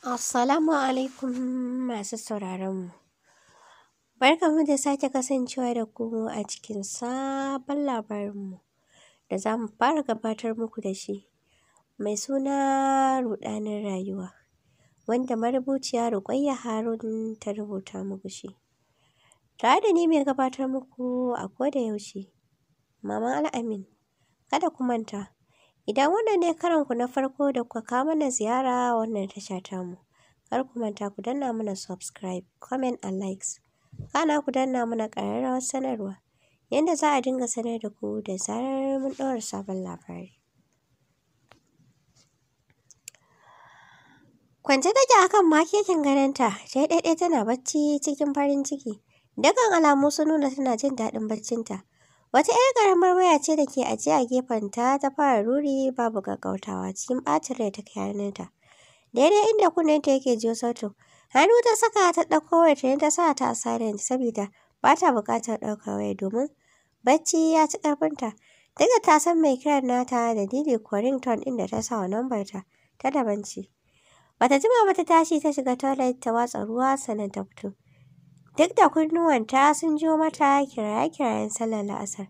Assalamu alaikum masu sauraronmu. Barkanmu da sake kasancewa da ku a cikin sabon labarinmu da za mu fara gabatar muku da shi mai suna rudanin rayuwa wanda marubuciya Ruqayyah Harun ta rubuta muku shi. Tare da ni mai gabatar muku a koda yaushe, Maman Al'amin. Kada ku manta, Idan wannan ne karanku na farko da kuka kawo mana ziyara wannan tasha tamu, kar ku manta ku danna mana subscribe, comment and likes. Kana ku danna mana ƙararrawar sanarwa, yadda za a dinga sanar da ku da zarar mun ɗaura sabon labari. Kwance take a kan makekin gadonta, ta yi ɗaiɗai tana bacci cikin farin ciki. Dukkan alamu sun nuna tana jin daɗin ta Wata 'yar ƙaramar waya ce da ke ajiye a gefen ta fara ruri babu gaggautawa cikin ɓacin rai ta hannunta. Daidai inda kunnenta yake jiyo sautin. Hannu ta saka ta ɗauko waya ta ta sa ta a silent saboda ba ta buƙatar ɗaukar waya domin bacci ya ci ƙarfinta. Daga ta san mai kiran nata da Didi Corrington ɗin da ta sa wa lambarta ta daban ce. Bata jima ba ta tashi ta shiga toilet ta watsa ruwa sannan ta fito. Duk da kunnuwanta sun jo mata kiraye-kirayen sallar la'asar,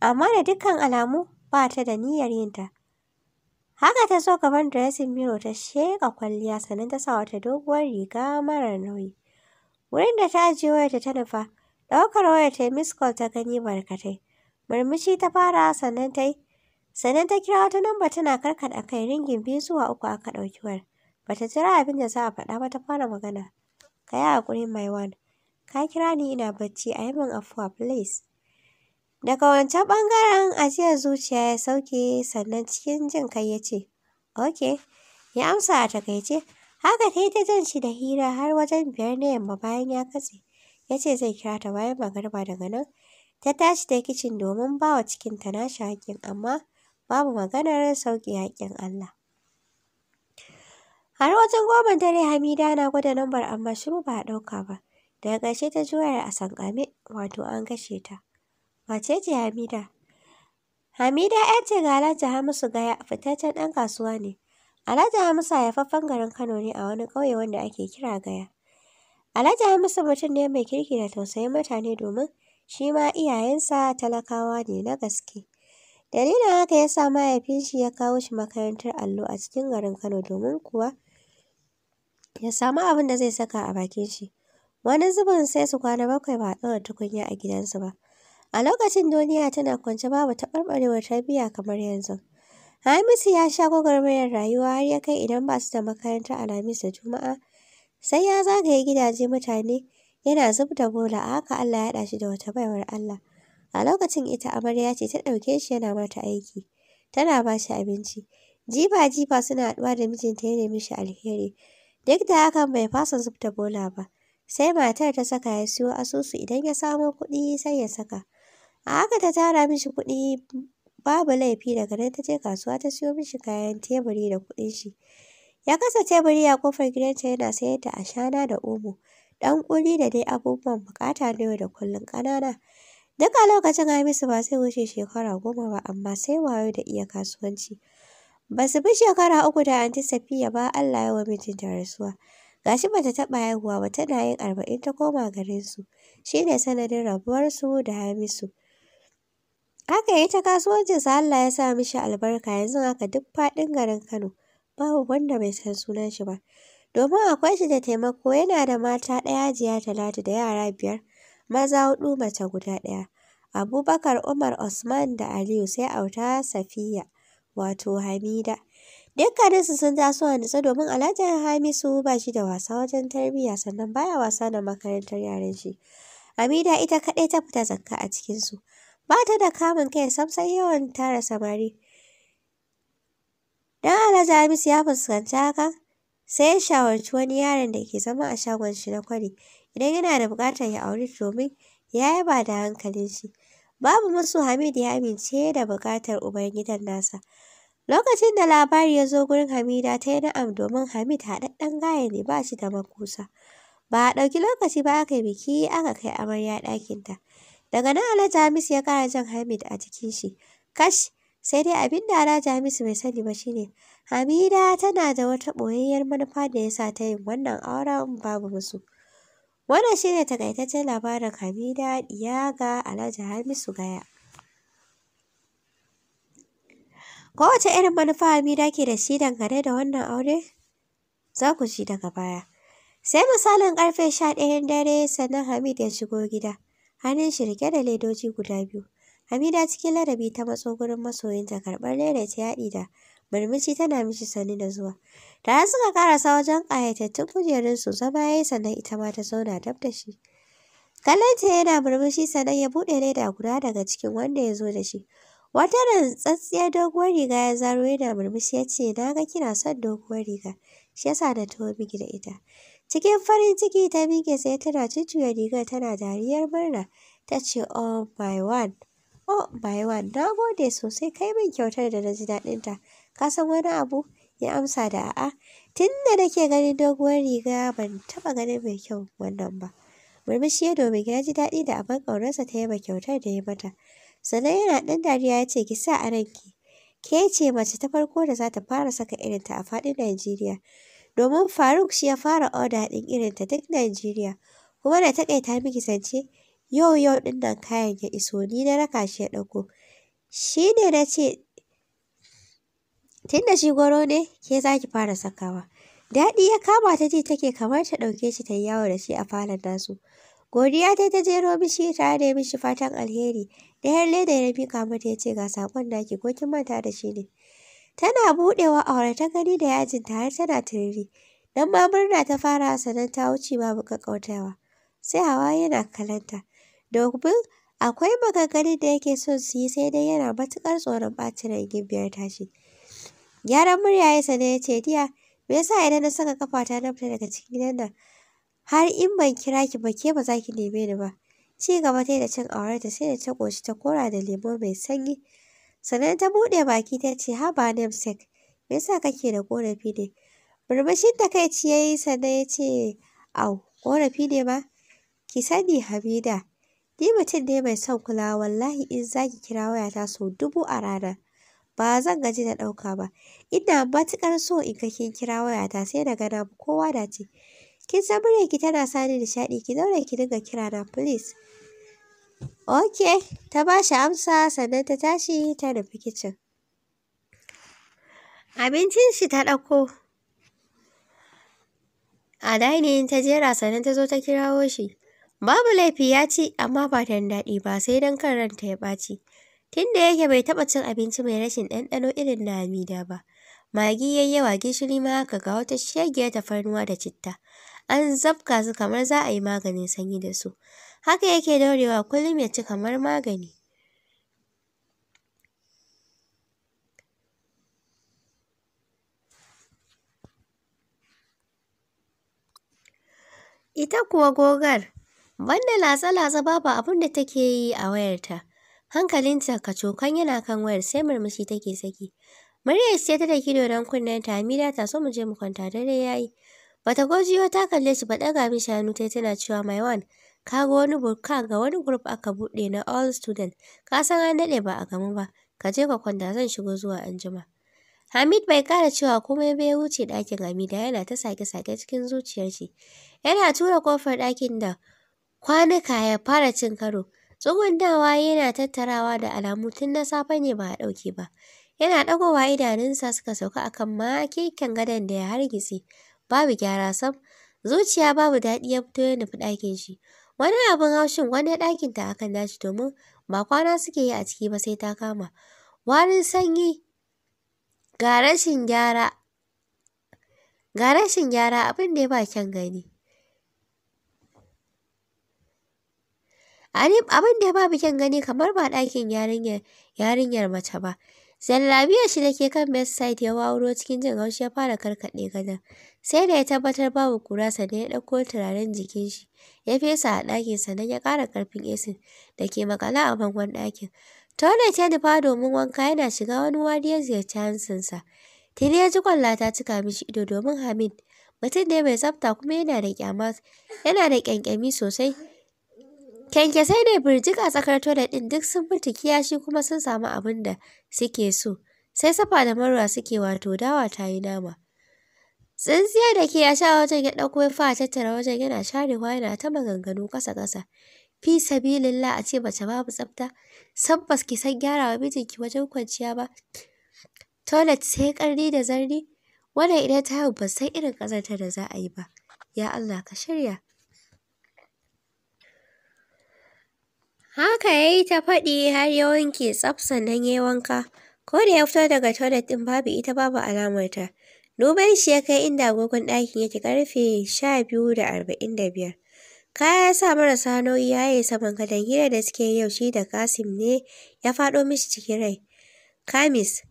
amma da dukkan alamu ba ta da niyyar yinta. Haka ta zo gaban dressing mirror ta sheƙa kwalliya sannan ta sa wata doguwar riga marar nauyi. Wurin da ta ajiye wayarta ta nufa, ɗaukar wayar ta miss call ta gani barkatai. Murmushi ta fara sannan ta yi sannan ta kira wata namba tana karkaɗa kai ringin biyu zuwa uku aka ɗauki wayar. Bata jira abin da za a faɗa ba ta fara magana. Ka yi haƙuri my one. Ka kira ni ina bacci a yi min afuwa please. Daga wancan bangaren ajiyar zuciya ya sauke sannan cikin jin kai ya ce, Ok, ya amsa a takaice. Haka ta yi ta jan shi da hira har wajen biyar na yamma bayan ya katse. Ya ce zai kira ta bayan magarba daga nan. Ta tashi ta kicin domin ba wa ta nashi haƙƙin amma babu maganar sauƙi haƙƙin Allah. Har wajen goma dare Hamida na gwada lambar amma shiru ba a ɗauka ba. Daga ƙarshe ta ji wayar a sankame, wato an kashe ta. Wace ce Hamida? Hamida ƴar ce ga Alhaji Hamisu Gaya fitaccen ɗan kasuwa ne. Alhaji Hamisu haifaffen garin Kano ne a wani ƙauye wanda ake kira Gaya. Alhaji Hamisu mutum ne mai kirki da tausayin mutane domin shi ma iyayensa talakawa ne na gaske. Dalilin haka ya sa mahaifin shi ya kawo shi makarantar allo a cikin garin Kano domin kuwa ya samu abin da zai saka a bakin shi. Wani zubin sai su kwana bakwai ba a ɗora tukunya a gidansu ba. A lokacin duniya tana kwance babu taɓarɓarewar tarbiyya kamar yanzu. Hamisu ya sha gwagwarmayar rayuwa har ya kai idan ba su da makaranta Alhamis da Juma'a, sai ya zagaye gidaje mutane yana zub da bola a haka Allah ya ɗashi shi da wata baiwar Allah. A lokacin ita amarya ce ta ɗauke shi yana mata aiki, tana ba shi abinci. Jifa-jifa suna haɗuwa da mijinta ya nemi shi alheri, duk da hakan bai fasa zub da bola ba. sai matar ta saka ya siyo asusu idan ya samo kuɗi sai ya saka a haka ta tara mishi kuɗi babu laifi daga nan ta je kasuwa ta siyo mishi kayan teburi da kuɗin shi ya kasa teburi a kofar gidanta yana sayar da ashana da omo ɗan ƙuli da dai abubuwan buƙata na yau da kullum ƙanana Duka lokacin Hamisu ba sai wuce shekara goma ba, amma sai wayo da iya kasuwanci. Ba su bi shekara uku da anti Safiya ba Allah ya wa mijinta rasuwa. Gashi bata taɓa haihuwa ba tana yin arba'in ta koma garinsu. Shi ne sanadin rabuwarsu da Hamisu. Haka ya ta kasuwancin kasuwancinsa Allah ya sa mishi albarka yanzu haka duk faɗin garin Kano. Babu wanda bai san sunan shi ba. Domin akwai shi da taimako yana da mata ɗaya jiya talatu da yara biyar. Maza huɗu mace guda ɗaya. Abubakar Umar Usman da Aliyu sai auta Safiya wato Hamida. Dukkaninsu sun taso a nutse domin Alhaji Hamisu ba shi da wasa wajen tarbiyya sannan baya wasa da makarantar yaran shi. Amida ita kaɗai ta fita zakka a cikinsu. Ba ta da kamun kai sam sai yawan tara samari. Dan Alhaji Hamisu ya fuskanci ka sai ya shawarci wani yaron da ke zama a shagon shi na kwari idan yana da buƙatar ya auri domin ya yaba da hankalin shi. Babu musu Hamid ya amince da buƙatar ubangidan nasa. Lokacin da labari ya zo gurin Hamida ta yi na'am domin Hamid haɗaɗɗen gaya ne ba shi da makusa. Ba a ɗauki lokaci ba aka yi biki aka kai amarya ɗakinta. Daga nan Alhaji Hamisu ya ƙara jan Hamid a jikin shi. Kash! Sai dai abin da Alhaji Hamisu bai sani ba shine Hamida tana da wata ɓoyayyar manufa da ya sa ta yin wannan auren babu musu. Wannan shine takaitaccen labarin Hamida Iyaga, ga Alhaji Hamisu Gaya. Kowace irin manufa Hamida ke da shi dangane da wannan aure? Za ku ji daga baya. Sai misalin ƙarfe sha ɗayan dare sannan Hamid ya shigo gida, hannun shi rike da ledoji guda biyu. Hamida cikin ladabi ta matso gurin masoyinta karɓar leda ta yaɗi da murmushi tana mishi sani da zuwa. Tare suka karasa wajen ƙayatattun kujerunsu zama ya yi sannan ita ma ta zauna dab da shi. ta yana murmushi sannan ya buɗe leda guda daga cikin wanda ya zo da shi. Wata rantsasstiyar doguwar riga ya zaro yana murmushi ya ce, Na ga kina son doguwar riga, shi yasa sa na tuwo miki da ita. Cikin farin ciki ta miƙe sai tana jujjuya rigar tana dariyar murna. Ta ce, Oh my one, oh my one, na gode sosai kai min kyautar da na ji daɗinta. Ka san wani abu? Ya amsa da a'a. Tun da nake ganin doguwar riga ban taɓa ganin mai kyau wannan ba. Murmushi ya domin ya ji daɗi da abin ƙaunarsa ta yaba kyautar da ya mata. Sannan yana ɗan dariya ya ce ki sa a ranki. Ke ce mace ta farko da za ta fara saka irinta a faɗin Najeriya. Domin Faruk shi ya fara oda ɗin ta duk Najeriya. Kuma da taƙaita miki zance, yau yau ɗin nan kayan ya iso ni na raka shi ya ɗauko. Shi ne na ce da shi goro ne ke za ki fara sakawa. Daɗi ya kama ta ji take kamar ta ɗauke shi ta yi yawo da shi a falon nasu. Godiya ta ta jero mishi ta da mishi fatan alheri. Da yar leda ya miƙa mata ta ce ga sakon naki ko kin manta da shi ne. Tana buɗewa aure ta gani da yajin ta har tana tiriri. Dan ma murna ta fara sanan ta wuce babu ƙaƙƙautawa. Sai hawa yana kalanta. Domin akwai magagari da yake son su yi sai dai yana matukar tsoron ɓacin gibiyar gimbiyar tashi. Gyaran murya ya sane ya ce diya me yasa idan na saka kafata na fita daga cikin gidan nan har in ban kira ki ba ke ba za ki neme ni ba. Ci gaba ta da cin ta, sai da ta ƙoshi ta kora da lemo mai sanyi. Sannan ta buɗe baki ta ce "Ha ba namsek me yasa kake da ƙorafi ne? ta takaici ya yi sannan ya ce au ƙorafi ne ba? Ki sani Hamida ni mutum ne mai son kula wallahi in za ki kira wayata sau dubu a rana. ba zan gaji da ɗauka ba. Ina matukar so in ka kin kira wayata sai daga na kowa da ce Kin san ki tana sani nishaɗi, ki daure ki dinga kira na please. Ok, ta ba shi amsa sannan ta tashi ta nufi kicin. Abincin shi ta ɗauko. A dining ta jera sannan ta zo ta kirawo shi. Babu laifi ya ci amma ba da daɗi ba sai dan kan ranta ya ɓaci. Tunda yake bai taɓa cin abinci mai rashin ɗanɗano irin na Amida ba. Magi yayi yawa gishiri ma haka ga wata shegiyar tafarnuwa da citta. an zabka su kamar za a yi maganin sanyi da su. Haka yake daurewa kullum ya ci kamar magani. Ita kuwa gogar, banda latsa-latsa babu abin da take yi a wayarta. Hankalinta kacokan yana kan wayar sai murmushi take saki. Maryam ce ta da dodon don kunnen ta Hamida ta so mu je mu kwanta dare yayi. Bata ko ta kalle shi ba ɗaga mishi hannu tai tana cewa my one ka ga wani burka ga wani group aka buɗe na all student ka san an daɗe ba a gamu ba ka je ka kwanta zan shigo zuwa anjima. Hamid bai kara cewa komai bai wuce ɗakin Hamida yana ta sake-sake cikin zuciyar shi. Yana tura kofar ɗakin da kwanuka ya fara cin karo. Tsugundawa yana tattarawa da alamu tun na safe ne ba a ɗauke ba. Yana ɗagowa idanunsa suka sauka akan makeken gadon da ya hargitse. babu gyara sam. Zuciya babu daɗi ya fito ya nufi ɗakin shi. Wani abin haushin wani ɗakin ta akan nashi domin ba kwana suke yi a ciki ba sai ta kama. Warin sanyi ga rashin gyara ga rashin gyara abin da ya ba kyan gani. abin da ya ba bikin gani kamar ba ɗakin yarinyar mace ba Jallabiyar shi da ke kan bedside ya wawuro cikin jin haushi ya fara karkaɗe gadon. Sai da ya tabbatar babu kura sannan ya ɗauko turaren jikin shi. Ya fesa a ɗakin sannan ya ƙara ƙarfin esin da ke makala a bangon ɗakin. Toilet ya nufa domin wanka yana shiga wani wari ya ziyarci hansinsa. Tili ya ji kwalla ta cika mishi ido domin Hamid. Mutum ne mai tsafta kuma yana da ƙyama yana da ƙyanƙyami sosai. Kyankyasai birjik a tsakar toilet ɗin duk sun mutu kiyashi kuma sun samu abin da suke so. Sai safa da marwa suke wato dawa ta yi nama. Tsintsiya da ke ya sha wajen ya ɗauko ya fa tattara wajen yana sharewa yana ta maganganu ƙasa-ƙasa. Fi sabilillah a ce mace babu tsafta, san bas ki san gyarawa mijinki wajen kwanciya ba. Toilet sai ƙarni da zarni, wannan idan ta haihu ban san irin ta da za a yi ba. Ya Allah ka shirya. Haka ya yi ta faɗi har ya wanke tsaf sannan ya yi wanka. Ko da ya fito daga toilet ɗin babu ita babu alamarta. Duban shi ya kai inda agogon ɗakin yake ƙarfe sha biyu da arba'in da biyar. Kaya ya sa marasa nauyi ya yi saman kadan gida da suke yau shi da Kasim ne ya faɗo mishi cikin rai. Kamis,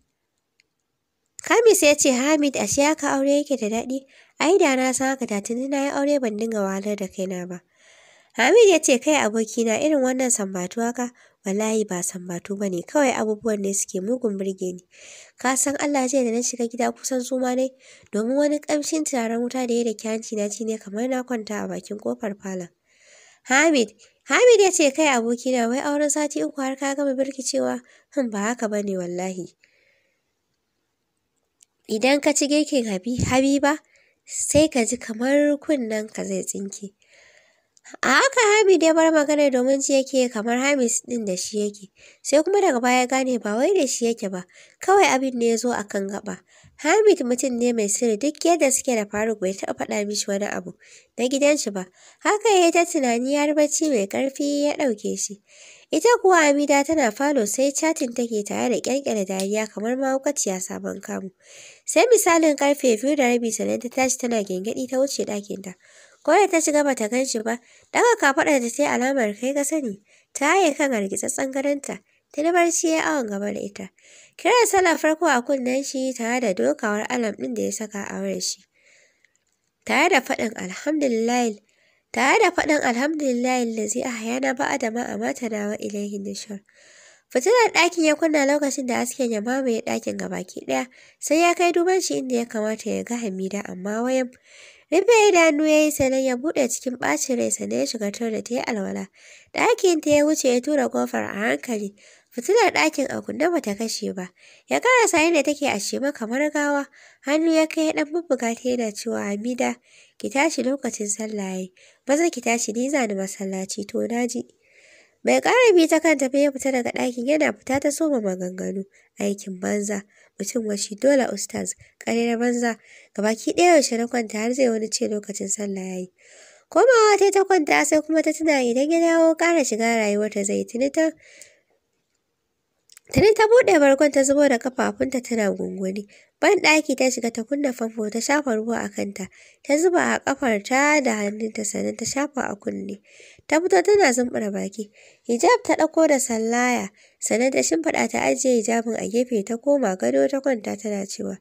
Kamis ya ce Hamid ashe haka aure yake da daɗi, ai da na san haka da tuni na yi aure ban dinga wahalar da kaina ba. Hamid ya ce kai abokina irin wannan sambatu haka wallahi ba sambatu bane kawai abubuwan ne suke mugun burge ni. Ka san Allah jiya da na shiga gida kusan ma ne domin wani kamshin turaren wuta da ya da hanci na ci ne kamar na kwanta a bakin kofar falon. Hamid Hamid ya ce kai abokina wai auren sati uku har ka gama birkicewa hin ba haka bane wallahi. Idan ka ci girkin Habiba sai ka ji kamar kunnen ka zai tsinke. A haka Hamid ya bar magana domin ji yake kamar Hamis ɗin da shi yake, sai kuma daga baya gane ba wai da shi yake ba, kawai abin ne ya zo a gaba. Hamid mutum ne mai sirri duk yadda suke da Faruk bai taɓa faɗa mishi wani abu na gidan shi ba, haka ya yi ta tunani har bacci mai ƙarfi ya ɗauke shi. Ita kuwa Amida tana falo sai chatin take tare da ƙyanƙyara dariya kamar ya sabon kamu. Sai misalin ƙarfe, biyu da rabi sannan ta tashi tana gyangyaɗi ta wuce ɗakinta. ko da ta shiga bata gan shi ba, daga kafaɗar da ta yi alamar kai ka sani, ta haye kan hargitsattsen garanta ta da barci ya awon gaba da ita. Kiran sala farko a kunnen shi tare da dokawar alam ɗin da ya saka a wurin shi. Tare da faɗin alhamdulillah tare da faɗin alhamdulillah lazi a hayana ba adama a mata na wa ilaihin nishar. Fitilar ɗakin ya kunna lokacin da hasken ya mamaye ɗakin gabaki ɗaya, sai ya kai duban shi inda ya kamata ya ga Hamida amma wayan Rufe idanu ya yi sanan ya buɗe cikin ɓacin rai sannan ya shiga tun da ta yi alwala. Ɗakin ta ya wuce ya tura kofar a hankali. Fitilar ɗakin a kunne bata kashe ba. Ya karasa inda take a shima kamar gawa. Hannu ya kai ɗan bubbuga ta yana cewa Amida, ki tashi lokacin sallah yayi. Maza ki tashi ni za ni masallaci to na ji. Bai ƙara bi ta kanta ba ya fita daga ɗakin yana fita ta soma maganganu. Aikin banza. mutum washi dole ustaz ƙarar banza gabaki ɗaya yaushe na kwanta har zai wani ce lokacin sallah ya yi. komawa ta ta kwanta sai kuma ta tuna idan ya dawo ƙara shiga rayuwarta zai tuni ta Tani ta buɗe bargon ta zubo da kafafunta tana gunguni. Ban ɗaki ta shiga ta kunna famfo ta shafa ruwa a kanta. Ta zuba a ta da hannunta sannan ta shafa a kunne. Ta fito tana zumbura baki. Hijab ta ɗauko da sallaya sannan ta shimfiɗa ta ajiye hijabin a gefe ta koma gado ta kwanta tana cewa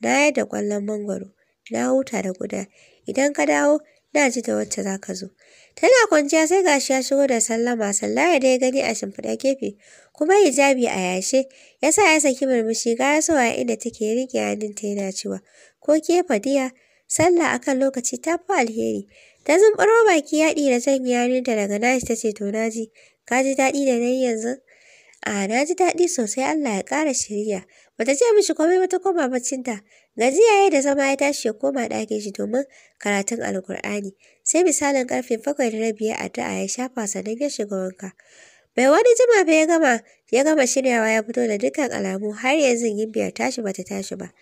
na yadda ƙwallon mangwaro na huta da guda idan ka dawo na ji da wacce za ka zo. Tana kwanciya sai gashi ya shigo da sallama sallaya da ya gani a shimfiɗa gefe kuma hijabi a yashe ya sa ya saki murmushi ga ya sowa inda take rike hannunta yana cewa ko ke fadiya sallah akan lokaci ta fi alheri. Ta zumburo baki yaɗi da janye hannunta daga nashi ta ce to na ji. ka ji daɗi da nayi yanzu. A na ji daɗi sosai Allah ya ƙara shirya. Bata ce mishi komai ba ta koma baccinta. Gajiya ya da zama ya tashi ya koma ɗakin shi domin karatun Alkur'ani. Sai misalin karfe bakwai da rabi ya addu'a ya shafa sannan ya shiga wanka. Bai wani jima ba ya gama ya gama shiryawa ya fito da dukkan alamu har yanzu biyar tashi bata tashi ba.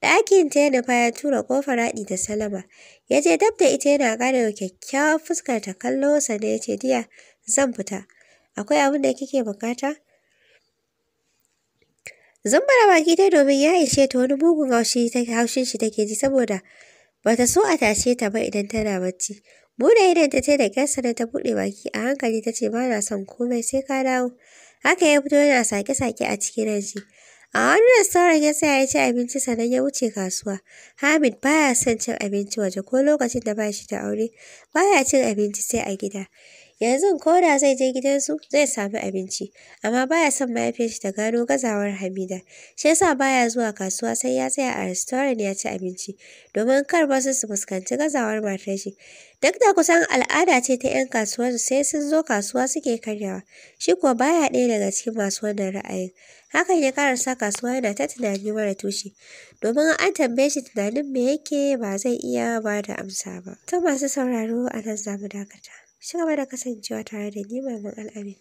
Ɗakin ta yana ya tura kofar raɗi da salama. Ya je dab da ita yana ƙara kyakkyawar fuskar ta kallo sannan ya ce diya zan fita. Akwai abin da kike bukata? zambara baki ta domin ya ishe ta wani mugun haushin shi take ji saboda bata so a tashe ta ba idan tana bacci. Buɗe idan ta da kansa na ta buɗe baki a hankali ta ce ba na son komai sai ka dawo. Haka ya fito yana sake-sake a cikin ranshi. A wani restaurant ya tsaya ya ci abinci sannan ya wuce kasuwa. Hamid baya son cin abinci waje ko lokacin da ba shi da aure baya cin abinci sai a gida. yanzu ko da zai je gidansu zai sami abinci amma baya son mahaifiyarshi ta gano gazawar Hamida shi yasa baya zuwa kasuwa sai ya tsaya a restaurant ya ci abinci domin kar wasu su fuskanci gazawar matar shi duk da kusan al'ada ce ta 'yan kasuwar sai sun zo kasuwa suke karyawa shi kuwa baya ɗaya daga cikin masu wannan ra'ayin hakan ya karasa kasuwa yana ta tunani mara tushe domin an tambaye shi tunanin me yake ba zai iya ba da amsa ba to masu sauraro a nan za mu dakata Ci gaba da kasancewa tare da ni Maman Al'amin.